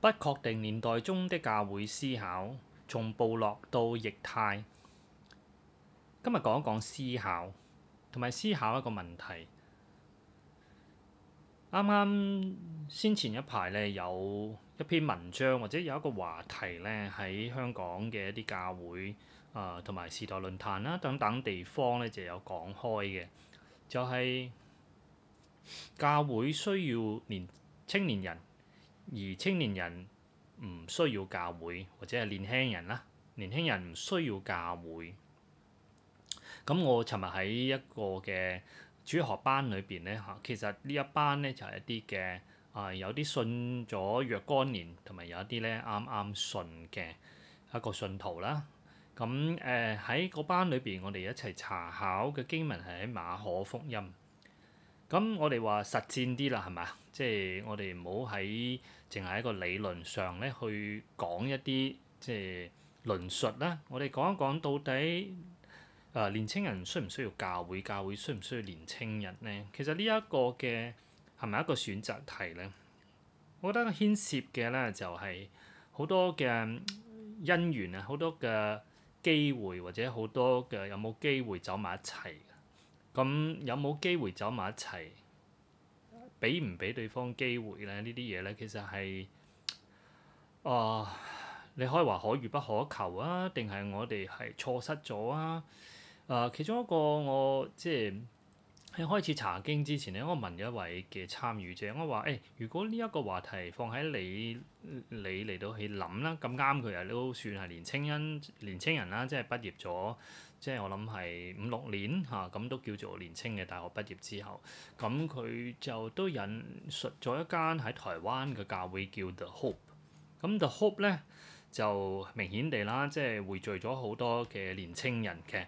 不確定年代中的教會思考，從部落到液態。今日講一講思考，同埋思考一個問題。啱啱先前一排咧，有一篇文章，或者有一個話題咧，喺香港嘅一啲教會啊，同、呃、埋時代論壇啦等等地方咧就有講開嘅，就係、是、教會需要年青年人。而青年人唔需要教會，或者係年輕人啦，年輕人唔需要教會。咁我尋日喺一個嘅主學班裏邊咧嚇，其實呢一班咧就係一啲嘅啊，有啲信咗若干年，同埋有一啲咧啱啱信嘅一個信徒啦。咁誒喺個班裏邊，我哋一齊查考嘅經文係喺馬可福音。咁我哋話實踐啲啦，係咪啊？即係我哋唔好喺淨係喺個理論上咧，去講一啲即係論述啦。我哋講一講到底，誒、呃、年輕人需唔需要教會？教會需唔需要年輕人咧？其實呢一個嘅係咪一個選擇題咧？我覺得牽涉嘅咧就係、是、好多嘅恩怨啊，好多嘅機會或者好多嘅有冇機會走埋一齊。咁、嗯、有冇機會走埋一齊？俾唔俾對方機會咧？呢啲嘢咧，其實係啊、呃，你可以話可遇不可求啊，定係我哋係錯失咗啊？誒、呃，其中一個我即係。喺開始查經之前咧，我問咗一位嘅參與者，我話：誒、哎，如果呢一個話題放喺你，你嚟到去諗啦，咁啱佢啊都算係年青人。年青人啦，即係畢業咗，即係我諗係五六年嚇，咁、啊、都叫做年青嘅大學畢業之後，咁、嗯、佢就都引述咗一間喺台灣嘅教會叫 The Hope，咁、嗯、The Hope 咧就明顯地啦，即係匯聚咗好多嘅年青人嘅。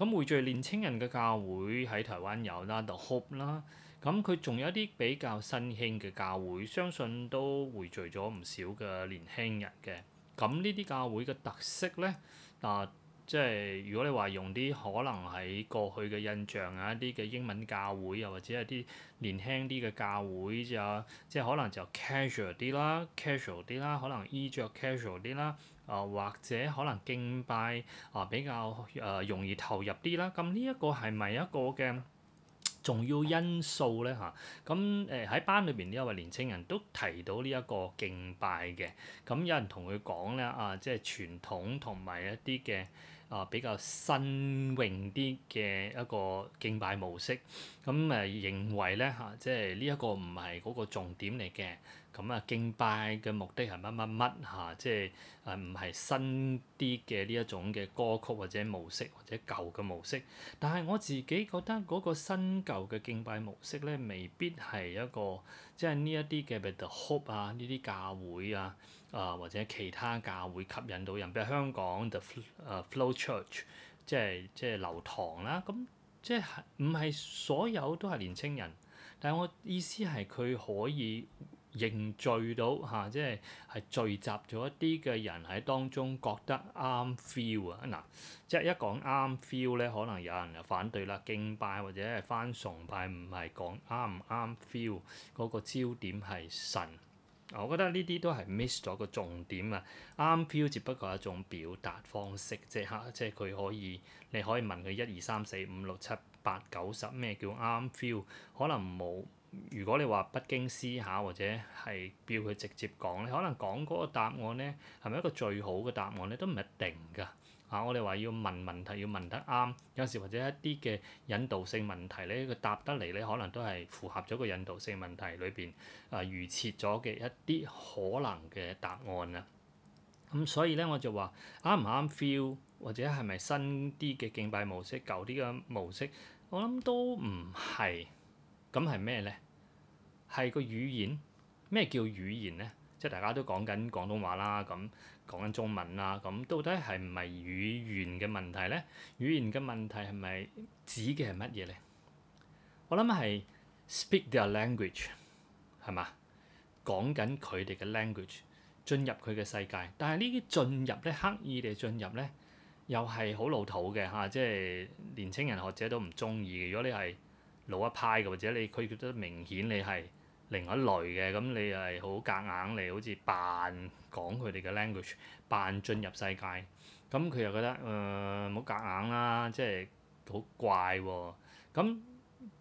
咁匯聚年青人嘅教會喺台灣有啦，The Hope 啦，咁佢仲有一啲比較新興嘅教會，相信都匯聚咗唔少嘅年輕人嘅。咁呢啲教會嘅特色咧，嗱。即係如果你話用啲可能喺過去嘅印象啊，一啲嘅英文教會又或者係啲年輕啲嘅教會，就即係可能就 casual 啲啦，casual 啲啦，可能衣著 casual 啲啦，啊、呃、或者可能敬拜啊、呃、比較誒、呃、容易投入啲啦。咁呢一個係咪一個嘅重要因素咧嚇？咁誒喺班裏邊呢一位年青人都提到呢一個敬拜嘅，咁有人同佢講咧啊，即係傳統同埋一啲嘅。啊，比較新穎啲嘅一個敬拜模式，咁誒、啊，認為咧嚇、啊，即係呢一個唔係嗰個重點嚟嘅。咁啊，敬拜嘅目的係乜乜乜嚇？即係誒，啊、唔係新啲嘅呢一種嘅歌曲或者模式或者舊嘅模式。但係我自己覺得嗰個新舊嘅敬拜模式咧，未必係一個即係呢一啲嘅，The Hope 啊，呢啲教會啊，啊或者其他教會吸引到人，譬如香港 the 誒 flow, uh, flow church，即係即係流堂啦。咁、啊、即係唔係所有都係年青人？但係我意思係佢可以。凝聚到嚇，即係係聚集咗一啲嘅人喺當中覺得啱 feel 啊！嗱，即係一講啱 feel 咧，可能有人就反對啦，敬拜或者係返崇拜，唔係講啱唔啱 feel。嗰個焦點係神，我覺得呢啲都係 miss 咗個重點啊！啱 feel 只不過係一種表達方式，即係即係佢可以，你可以問佢一二三四五六七八九十咩叫啱 feel，可能冇。如果你話不經思考或者係叫佢直接講咧，可能講嗰個答案咧係咪一個最好嘅答案咧都唔一定㗎。啊，我哋話要問問題，要問得啱，有時或者一啲嘅引導性問題咧，佢答得嚟咧可能都係符合咗個引導性問題裏邊啊預設咗嘅一啲可能嘅答案啊。咁、嗯、所以咧我就話啱唔啱 feel 或者係咪新啲嘅敬拜模式、舊啲嘅模式，我諗都唔係。咁係咩咧？係個語言，咩叫語言咧？即係大家都講緊廣東話啦，咁講緊中文啦，咁到底係唔係語言嘅問題咧？語言嘅問題係咪指嘅係乜嘢咧？我諗係 speak their language 係嘛？講緊佢哋嘅 language，進入佢嘅世界。但係呢啲進入咧，刻意地進入咧，又係好老土嘅嚇，即係年輕人學者都唔中意嘅。如果你係老一派嘅，或者你區別得明顯，你係另一類嘅，咁你係好夾硬嚟，好似扮講佢哋嘅 language，扮進入世界，咁佢又覺得誒冇夾硬啦、啊，即係好怪喎、啊，咁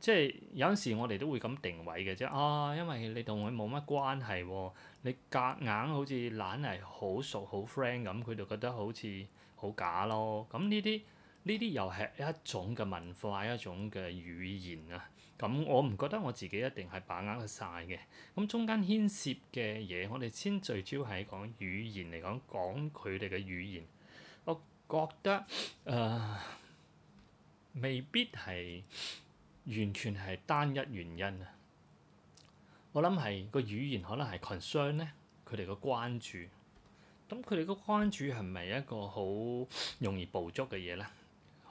即係有陣時我哋都會咁定位嘅啫，啊，因為你同佢冇乜關係喎、啊，你夾硬好似懶係好熟好 friend 咁，佢就覺得好似好假咯，咁呢啲。呢啲又係一種嘅文化，一種嘅語言啊！咁我唔覺得我自己一定係把握晒嘅。咁中間牽涉嘅嘢，我哋先聚焦係講語言嚟講講佢哋嘅語言。我覺得誒、呃、未必係完全係單一原因啊！我諗係個語言可能係 concern 咧，佢哋嘅關注。咁佢哋嘅關注係咪一個好容易捕捉嘅嘢咧？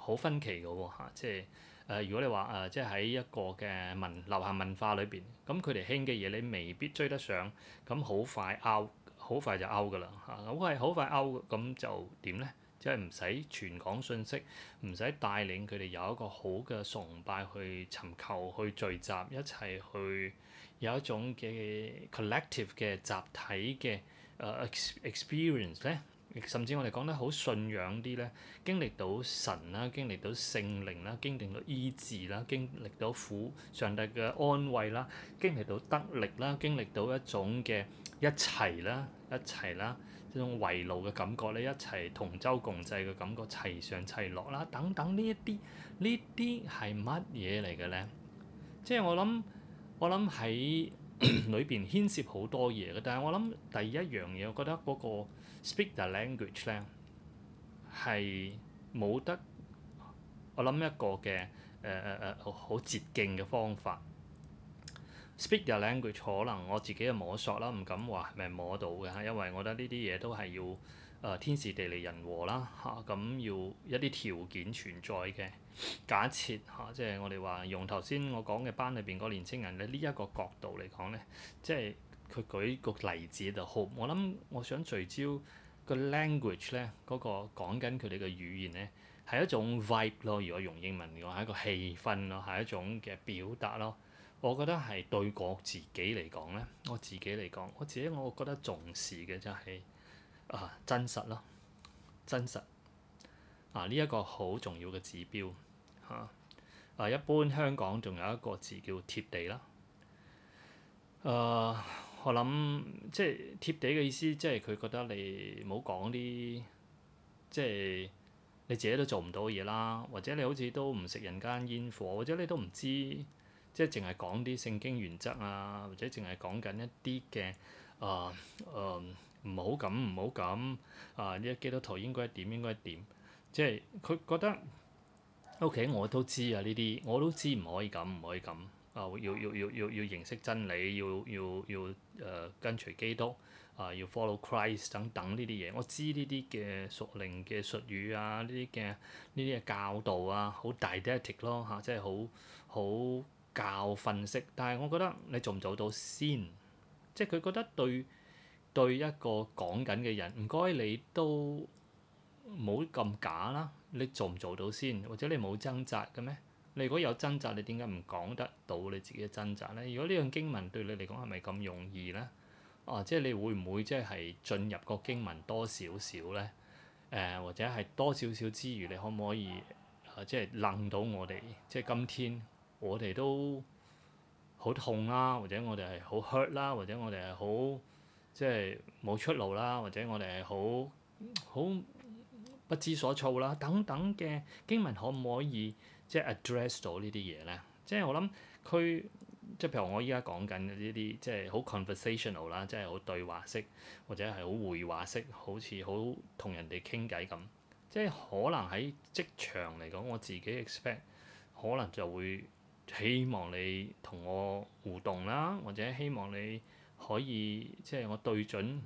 好分歧㗎喎嚇，即係誒、呃、如果你話誒、呃、即係喺一個嘅文流行文化裏邊，咁佢哋興嘅嘢你未必追得上，咁好快 out，好快就 out 㗎啦嚇。咁係好快 out，咁就點咧？即係唔使傳講信息，唔使帶領佢哋有一個好嘅崇拜去尋求、去聚集、一齊去有一種嘅 collective 嘅集體嘅誒 experience 咧。甚至我哋講得好信仰啲咧，經歷到神啦，經歷到聖靈啦，經歷到醫治啦，經歷到苦上帝嘅安慰啦，經歷到得力啦，經歷到一種嘅一齊啦、一齊啦，一種圍爐嘅感覺咧，一齊同舟共濟嘅感覺，齊上齊落啦，等等呢一啲，呢啲係乜嘢嚟嘅咧？即係我諗，我諗喺裏邊牽涉好多嘢嘅，但係我諗第一樣嘢，我覺得嗰個。Speak the language 咧係冇得，我諗一個嘅誒誒誒好捷徑嘅方法。Speak the language 可能我自己嘅摸索啦，唔敢話係咪摸到嘅，因為我覺得呢啲嘢都係要誒、呃、天時地利人和啦嚇，咁、啊、要一啲條件存在嘅。假設嚇、啊，即係我哋話用頭先我講嘅班裏邊個年青人咧呢一個角度嚟講咧，即係。佢舉個例子就好，我諗我想聚焦個 language 咧，嗰個講緊佢哋嘅語言咧係一種 vibe 咯。如果用英文嘅話係一個氣氛咯，係一種嘅表達咯。我覺得係對我自己嚟講咧，我自己嚟講，我自己我覺得重視嘅就係啊真實咯，真實啊呢一個好重要嘅指標嚇啊，啊。一般香港仲有一個字叫貼地啦，誒，啊。我諗即係貼地嘅意思，即係佢覺得你唔好講啲即係你自己都做唔到嘅嘢啦，或者你好似都唔食人間煙火，或者你都唔知即係淨係講啲聖經原則啊，或者淨係講緊一啲嘅啊誒唔好咁唔好咁啊，呢一基督徒應該點應該點？即係佢覺得 OK，我都知啊呢啲我都知唔可以咁唔可以咁。啊、呃！要要要要要認識真理，要要要誒、呃、跟隨基督啊、呃！要 follow Christ 等等呢啲嘢，我知呢啲嘅屬靈嘅術語啊，呢啲嘅呢啲嘅教導啊，好 didactic 咯，即係好好教訓式。但係我覺得你做唔做到先，即係佢覺得對對一個講緊嘅人，唔該你都冇咁假啦。你做唔做到先？或者你冇掙扎嘅咩？你如果有掙扎，你點解唔講得到你自己嘅掙扎咧？如果呢樣經文對你嚟講係咪咁容易咧？啊，即係你會唔會即係係進入個經文多少少咧？誒、呃，或者係多少少之餘，你可唔可以、啊、即係諒到我哋？即係今天我哋都好痛啦、啊，或者我哋係好 hurt 啦，或者我哋係好即係冇出路啦、啊，或者我哋係好好不知所措啦、啊，等等嘅經文可唔可以？即係 address 到呢啲嘢咧，即係我諗佢即係譬如我依家講緊呢啲，即係好 conversational 啦，即係好對話式，或者係好會話式，好似好同人哋傾偈咁。即係可能喺職場嚟講，我自己 expect 可能就會希望你同我互動啦，或者希望你可以即係我對準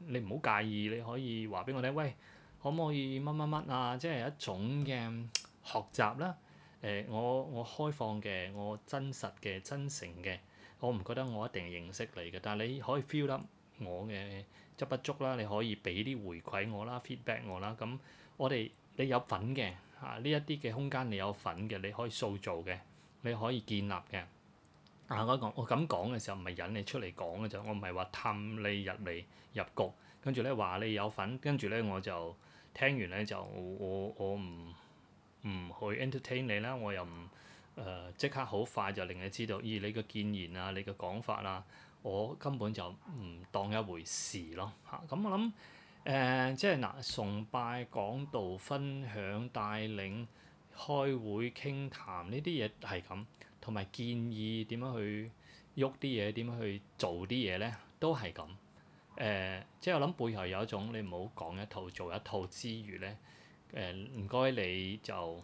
你唔好介意，你可以話俾我聽，喂，可唔可以乜乜乜啊？即係一種嘅學習啦。誒、呃、我我開放嘅，我真實嘅、真誠嘅，我唔覺得我一定認識你嘅，但係你可以 feel 得我嘅即不足啦，你可以俾啲回饋我啦、feedback 我啦。咁我哋你有份嘅嚇，呢一啲嘅空間你有份嘅，你可以塑造嘅，你可以建立嘅。啊，我講我咁講嘅時候，唔係引你出嚟講嘅就，我唔係話氹你入嚟入局，跟住咧話你有份。跟住咧我就聽完咧就我我唔。我唔去 entertain 你啦，我又唔誒即刻好快就令你知道，咦你嘅建言啊，你嘅講法啊，我根本就唔當一回事咯吓。咁、啊、我諗，誒、呃，即係嗱、呃，崇拜講道分享、帶領、開會、傾談呢啲嘢係咁，同埋建議點樣去喐啲嘢，點樣去做啲嘢咧，都係咁。誒、呃，即係我諗背後有一種，你唔好講一套做一套之餘咧。誒唔該，你就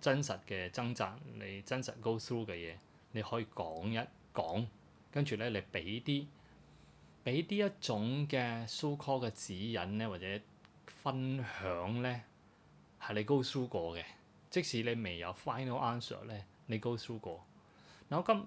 真實嘅掙扎，你真實 go through 嘅嘢，你可以講一講，跟住咧你俾啲俾啲一種嘅 support 嘅指引咧，或者分享咧，係你 go through 過嘅，即使你未有 final answer 咧，你 go through 過。嗱，我今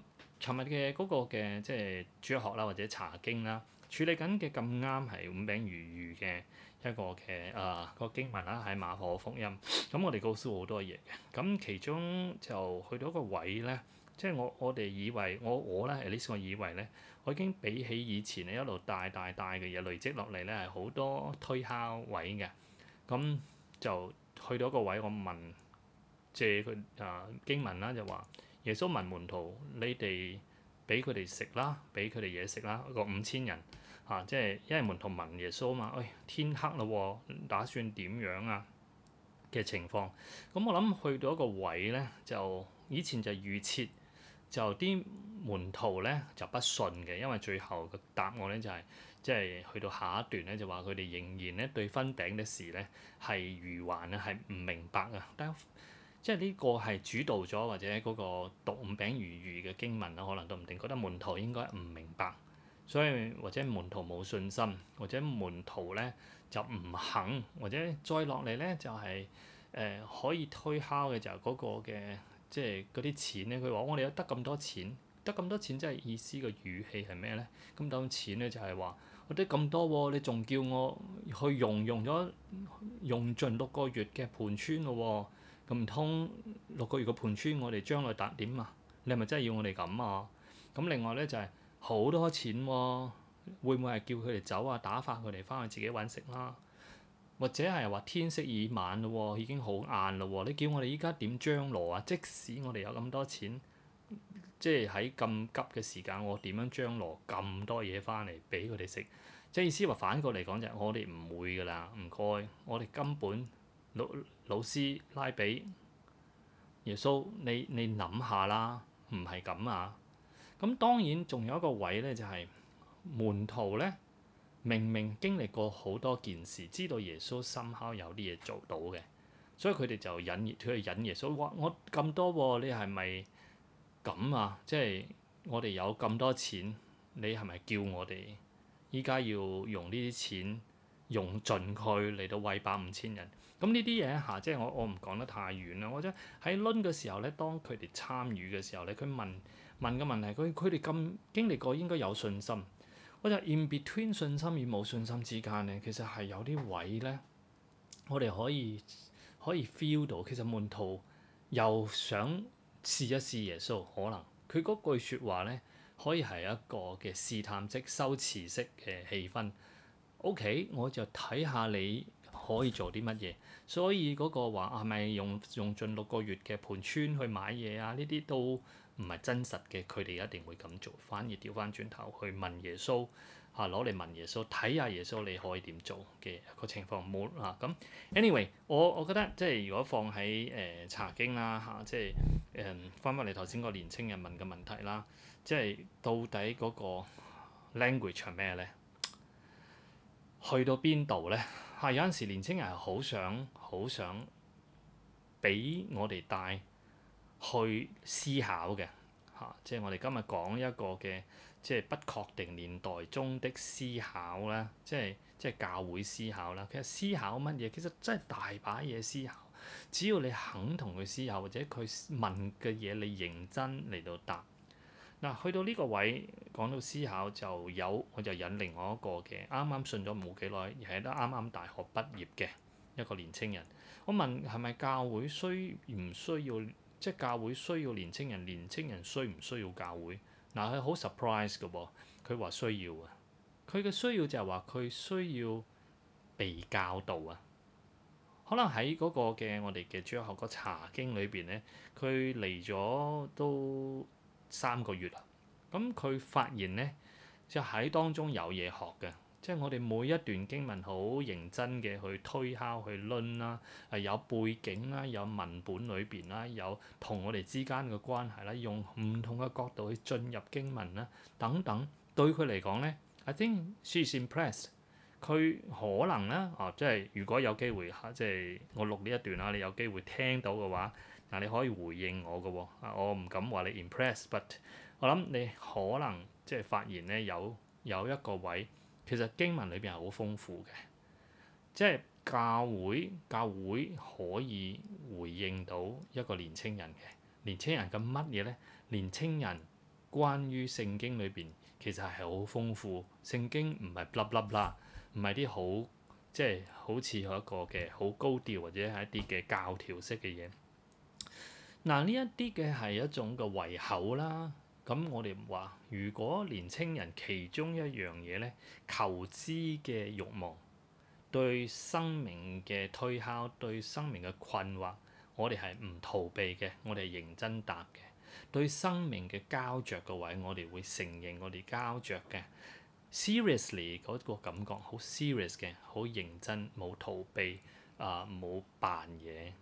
尋日嘅嗰個嘅即係主學啦，或者查經啦，處理緊嘅咁啱係五餅如魚嘅。一個嘅啊、呃、個經文啦，係馬可福音，咁我哋告訴好多嘢嘅，咁其中就去到一個位咧，即係我我哋以為我我咧 at least 我以為咧，我已經比起以前咧一路大大大嘅嘢累積落嚟咧係好多推敲位嘅，咁就去到一個位，我問借佢啊、呃、經文啦，就話耶穌問門徒：你哋俾佢哋食啦，俾佢哋嘢食啦，個五千人。啊！即係因為門徒問耶穌啊嘛，喂、哎，天黑啦、啊，打算點樣啊？嘅情況咁、嗯，我諗去到一個位咧，就以前就預設就啲門徒咧就不信嘅，因為最後嘅答案咧就係、是、即係去到下一段咧就話佢哋仍然咧對分餅嘅事咧係愚頑啊，係唔明白啊。但即係呢個係主導咗或者嗰個讀五餅二魚嘅經文啦，可能都唔定覺得門徒應該唔明白。所以或者門徒冇信心，或者門徒咧就唔肯，或者再落嚟咧就係、是、誒、呃、可以推敲嘅就係嗰個嘅，即係嗰啲錢咧。佢話我哋有得咁多錢，得咁多錢，即係意思嘅語氣係咩咧？咁等錢咧就係、是、話我得咁多喎、哦，你仲叫我去用用咗用盡六個月嘅盤川咯喎，咁唔通六個月嘅盤川，我哋將來打點啊？你係咪真係要我哋咁啊？咁另外咧就係、是。好多錢喎，會唔會係叫佢哋走啊？打發佢哋翻去自己揾食啦，或者係話天色已晚咯喎，已經好晏咯喎，你叫我哋依家點張羅啊？即使我哋有咁多錢，即係喺咁急嘅時間，我點樣張羅咁多嘢翻嚟俾佢哋食？即係意思話反過嚟講就係，我哋唔會噶啦，唔該，我哋根本老老師拉比耶穌，你你諗下啦，唔係咁啊。咁當然仲有一個位咧，就係、是、門徒咧。明明經歷過好多件事，知道耶穌心刻有啲嘢做到嘅，所以佢哋就引佢去引耶穌。哇，我我咁多喎、啊，你係咪咁啊？即、就、係、是、我哋有咁多錢，你係咪叫我哋依家要用呢啲錢用盡佢嚟到餵飽五千人？咁呢啲嘢嚇，即、啊、係、就是、我我唔講得太遠啦。我真喺論嘅時候咧，當佢哋參與嘅時候咧，佢問。問嘅問題，佢佢哋咁經歷過，應該有信心。我就 in between 信心與冇信心之間咧，其實係有啲位咧，我哋可以可以 feel 到。其實門徒又想試一試耶穌，可能佢嗰句説話咧，可以係一個嘅試探即式、修辭式嘅氣氛。O.K.，我就睇下你可以做啲乜嘢。所以嗰個話係咪用用盡六個月嘅盤川去買嘢啊？呢啲都～唔係真實嘅，佢哋一定會咁做，反而掉翻轉頭去問耶穌嚇，攞、啊、嚟問耶穌，睇下耶穌你可以點做嘅、嗰個情況冇啦。咁、啊、anyway，我我覺得即係如果放喺誒查經啦嚇、啊，即係誒翻返嚟頭先個年青人問嘅問題啦、啊，即係到底嗰個 language 係咩咧？去到邊度咧？嚇、啊、有陣時年青人係好想好想俾我哋帶。去思考嘅吓、啊，即係我哋今日講一個嘅，即係不確定年代中的思考啦，即係即係教會思考啦。其實思考乜嘢，其實真係大把嘢思考。只要你肯同佢思考，或者佢問嘅嘢你認真嚟到答。嗱、啊，去到呢個位講到思考就有，我就引另外一個嘅啱啱信咗冇幾耐，而係都啱啱大學畢業嘅一個年青人。我問係咪教會需唔需要？即係教會需要年青人，年青人需唔需要教會？嗱，佢好 surprise 嘅噃，佢話需要啊。佢嘅需要就係話佢需要被教導啊。可能喺嗰個嘅我哋嘅張學哥查經裏邊咧，佢嚟咗都三個月啦。咁佢發現咧，就喺當中有嘢學嘅。即係我哋每一段經文，好認真嘅去推敲、去論啦，係有背景啦、有文本裏邊啦、有同我哋之間嘅關係啦，用唔同嘅角度去進入經文啦等等。對佢嚟講咧，I think she's impressed。佢可能啦，哦，即係如果有機會嚇，即係我錄呢一段啦，你有機會聽到嘅話，嗱，你可以回應我㗎喎，我唔敢話你 impressed，but 我諗你可能即係發現咧有有一個位。其實經文裏邊係好豐富嘅，即係教會教會可以回應到一個年青人嘅年青人嘅乜嘢咧？年青人，人關於聖經裏邊其實係好豐富，聖經唔係粒粒啦，唔係啲好即係好似有一個嘅好高調或者係一啲嘅教條式嘅嘢。嗱，呢一啲嘅係一種嘅胃口啦。咁我哋話，如果年輕人其中一樣嘢咧，求知嘅慾望，對生命嘅推敲，對生命嘅困惑，我哋係唔逃避嘅，我哋係認真答嘅。對生命嘅膠着嘅位，我哋會承認我哋膠着嘅。Seriously 嗰個感覺好 serious 嘅，好認真，冇逃避啊，冇扮嘢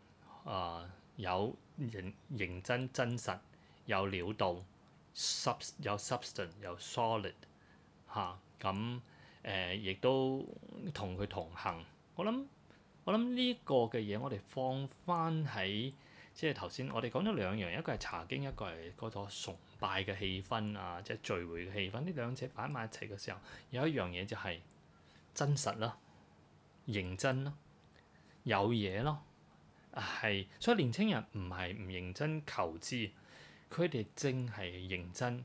啊，有認認真真實，有料到。Sub, 有 substance 有 solid 嚇、啊，咁誒亦都同佢同行。我諗我諗呢個嘅嘢，我哋放翻喺即係頭先，我哋講咗兩樣，一個係查經，一個係嗰種崇拜嘅氣氛啊，即係聚會嘅氣氛。呢兩者擺埋一齊嘅時候，有一樣嘢就係真實咯、認真咯、有嘢咯，係所以年輕人唔係唔認真求知。佢哋正係認真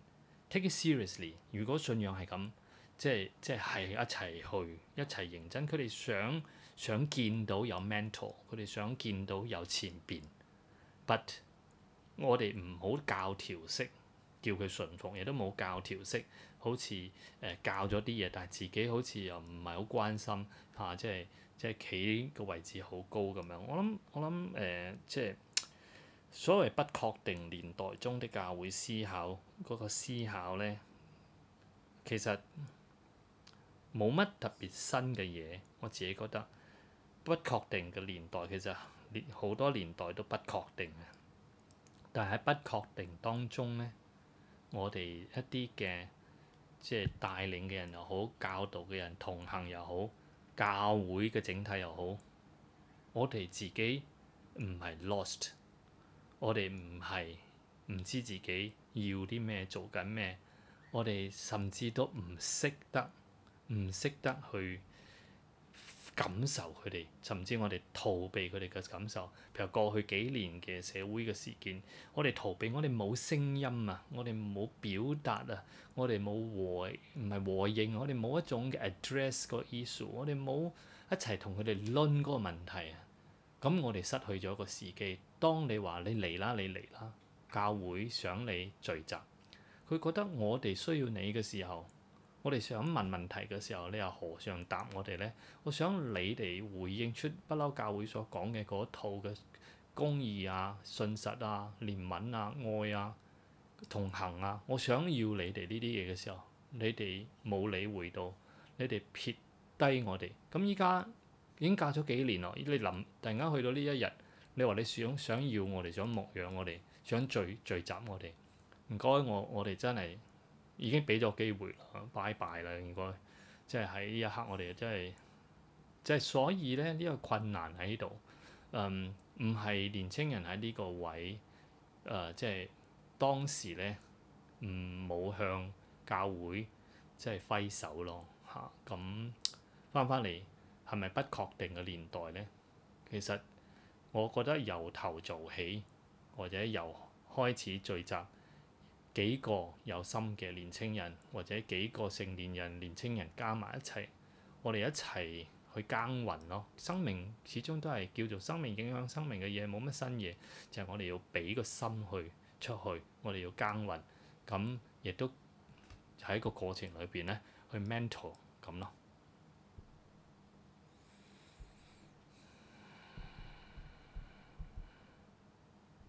，take it seriously。如果信仰係咁，即係即係一齊去，一齊認真。佢哋想想見到有 mentor，佢哋想見到有前邊。But 我哋唔好教條式叫佢順服，亦都冇教條式，好似誒教咗啲嘢，但係自己好似又唔係好關心吓，即係即係企個位置好高咁樣。我諗我諗誒、呃、即係。所謂不確定年代中的教會思考嗰個思考呢，其實冇乜特別新嘅嘢。我自己覺得不確定嘅年代其實好多年代都不確定嘅。但係喺不確定當中呢，我哋一啲嘅即係帶領嘅人又好，教導嘅人同行又好，教會嘅整體又好，我哋自己唔係 lost。我哋唔係唔知自己要啲咩，做緊咩？我哋甚至都唔識得，唔識得去感受佢哋，甚至我哋逃避佢哋嘅感受。譬如過去幾年嘅社會嘅事件，我哋逃避，我哋冇聲音啊，我哋冇表達啊，我哋冇回，唔係回應，我哋冇一種嘅 address 個 issue，我哋冇一齊同佢哋論嗰個問題啊！咁、嗯、我哋失去咗個時機。當你話你嚟啦，你嚟啦，教會想你聚集，佢覺得我哋需要你嘅時候，我哋想問問題嘅時候，你又何嘗答我哋呢？我想你哋回應出不嬲教會所講嘅嗰套嘅公義啊、信實啊、憐憫啊、愛啊、同行啊，我想要你哋呢啲嘢嘅時候，你哋冇理會到，你哋撇低我哋。咁依家，已經隔咗幾年咯，依你諗突然間去到呢一日，你話你想想要我哋想牧養我哋想聚聚集我哋，唔該我我哋真係已經俾咗機會啦，拜拜啦應該。即係喺呢一刻我哋真係即係所以咧，呢個困難喺呢度，嗯，唔係年輕人喺呢個位，誒即係當時咧，唔冇向教會即係揮手咯嚇，咁翻返嚟。係咪不確定嘅年代呢？其實我覺得由頭做起，或者由開始聚集幾個有心嘅年青人，或者幾個成年人、年青人加埋一齊，我哋一齊去耕耘咯。生命始終都係叫做生命影響生命嘅嘢，冇乜新嘢，就係、是、我哋要俾個心去出去，我哋要耕耘。咁亦都喺個過程裏邊呢，去 mentor 咁咯。